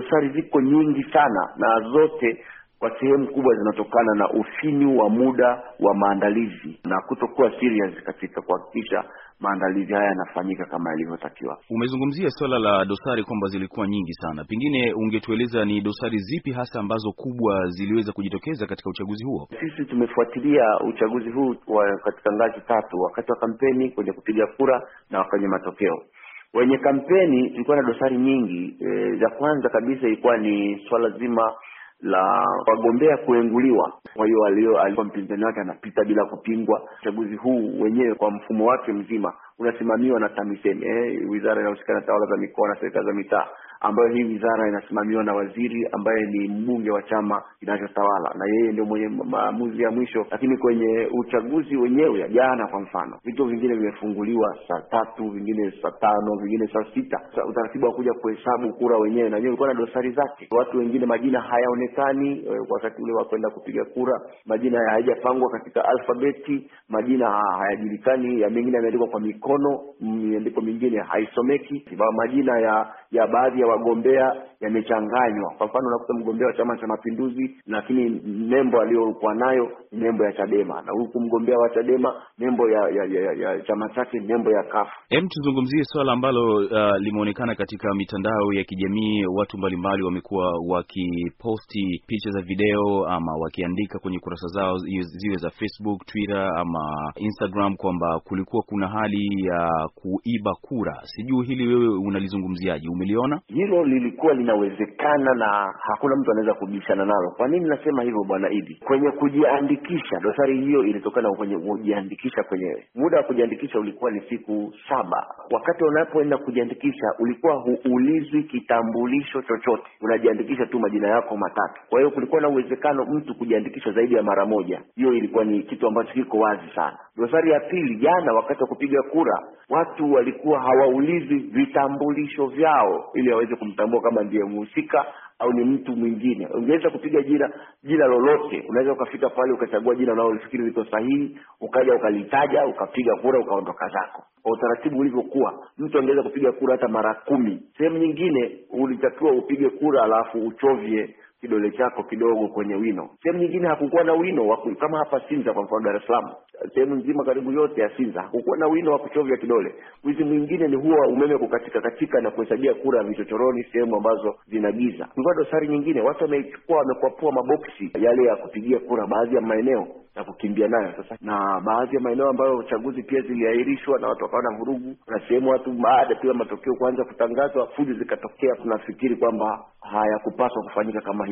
dosari ziko nyingi sana, na zote kwa sehemu kubwa zinatokana na ufinyu wa muda wa maandalizi na kutokuwa serious katika kuhakikisha maandalizi haya yanafanyika kama yalivyotakiwa. Umezungumzia swala la dosari kwamba zilikuwa nyingi sana, pengine ungetueleza ni dosari zipi hasa ambazo kubwa ziliweza kujitokeza katika uchaguzi huo? Sisi tumefuatilia uchaguzi huu wa katika ngazi tatu, wakati wa kampeni, kwenye kupiga kura na kwenye matokeo. Wenye kampeni ilikuwa na dosari nyingi e, za kwanza kabisa ilikuwa ni swala zima la wagombea kuenguliwa. Kwa hiyo alikuwa mpinzani wake anapita bila kupingwa. Uchaguzi huu wenyewe kwa mfumo wake mzima unasimamiwa na TAMISEMI, eh, wizara inayohusika na tawala za mikoa na serikali za mitaa ambayo hii wizara inasimamiwa na waziri ambaye ni mbunge wa chama kinachotawala na yeye ndio mwenye maamuzi ya mwisho. Lakini kwenye uchaguzi wenyewe jana, kwa mfano, vituo vingine vimefunguliwa saa tatu, vingine saa tano, vingine saa sita. Utaratibu wa kuja kuhesabu kura wenyewe na ulikuwa na dosari zake. Watu wengine majina hayaonekani e, wakati ule wa kwenda kupiga kura, majina hayajapangwa katika alfabeti, majina hayajulikani, ya mengine yameandikwa kwa mikono, miandiko mingine haisomeki, majina ya ya baadhi ya wagombea yamechanganywa. Kwa mfano, unakuta mgombea wa Chama cha Mapinduzi, lakini nembo aliyokuwa nayo ni nembo ya Chadema, na huku mgombea wa Chadema nembo ya, ya, ya, ya chama chake nembo ya kafu. Hem, tuzungumzie swala ambalo uh, limeonekana katika mitandao ya kijamii. Watu mbalimbali wamekuwa wakiposti picha za video ama wakiandika kwenye kurasa zao ziwe za Facebook, Twitter ama Instagram kwamba kulikuwa kuna hali ya kuiba kura. Sijui hili wewe unalizungumziaje? Umeliona hilo? Lilikuwa inawezekana na hakuna mtu anaweza kubishana nalo. Kwa nini nasema hivyo, bwana Idi? Kwenye kujiandikisha, dosari hiyo ilitokana kwenye kujiandikisha kwenyewe. Muda wa kujiandikisha ulikuwa ni siku saba. Wakati unapoenda kujiandikisha, ulikuwa huulizwi kitambulisho chochote, unajiandikisha tu majina yako matatu. Kwa hiyo kulikuwa na uwezekano mtu kujiandikisha zaidi ya mara moja. Hiyo ilikuwa ni kitu ambacho kiko wazi sana. Dosari ya pili, jana wakati wa kupiga kura, watu walikuwa hawaulizwi vitambulisho vyao ili waweze kumtambua kama ndio mhusika au ni mtu mwingine. Ungeweza kupiga jina jina lolote, unaweza ukafika pale ukachagua jina unalofikiri liko sahihi, ukaja ukalitaja, ukapiga kura, ukaondoka zako. Kwa utaratibu ulivyokuwa, mtu angeweza kupiga kura hata mara kumi. Sehemu nyingine ulitakiwa upige kura alafu uchovye kidole chako kidogo kwenye wino. Sehemu nyingine hakukuwa na wino waku, kama hapa Sinza kwa mfano, Dar es Salaam, sehemu nzima karibu yote ya Sinza hakukuwa na wino wa kuchovya kidole. Wizi mwingine ni huwa umeme kukatika katika na kuhesabia kura vichochoroni, sehemu ambazo zina giza. Kulikuwa dosari nyingine, watu wamechukua wamekwapua maboksi yale ya kupigia kura, baadhi ya maeneo ya kukimbia nayo sasa. Na baadhi ya maeneo ambayo chaguzi pia ziliahirishwa na watu wakawa na vurugu, na sehemu watu baada tu ya matokeo kuanza kutangazwa, fujo zikatokea. Tunafikiri kwamba hayakupaswa kufanyika kama hivi.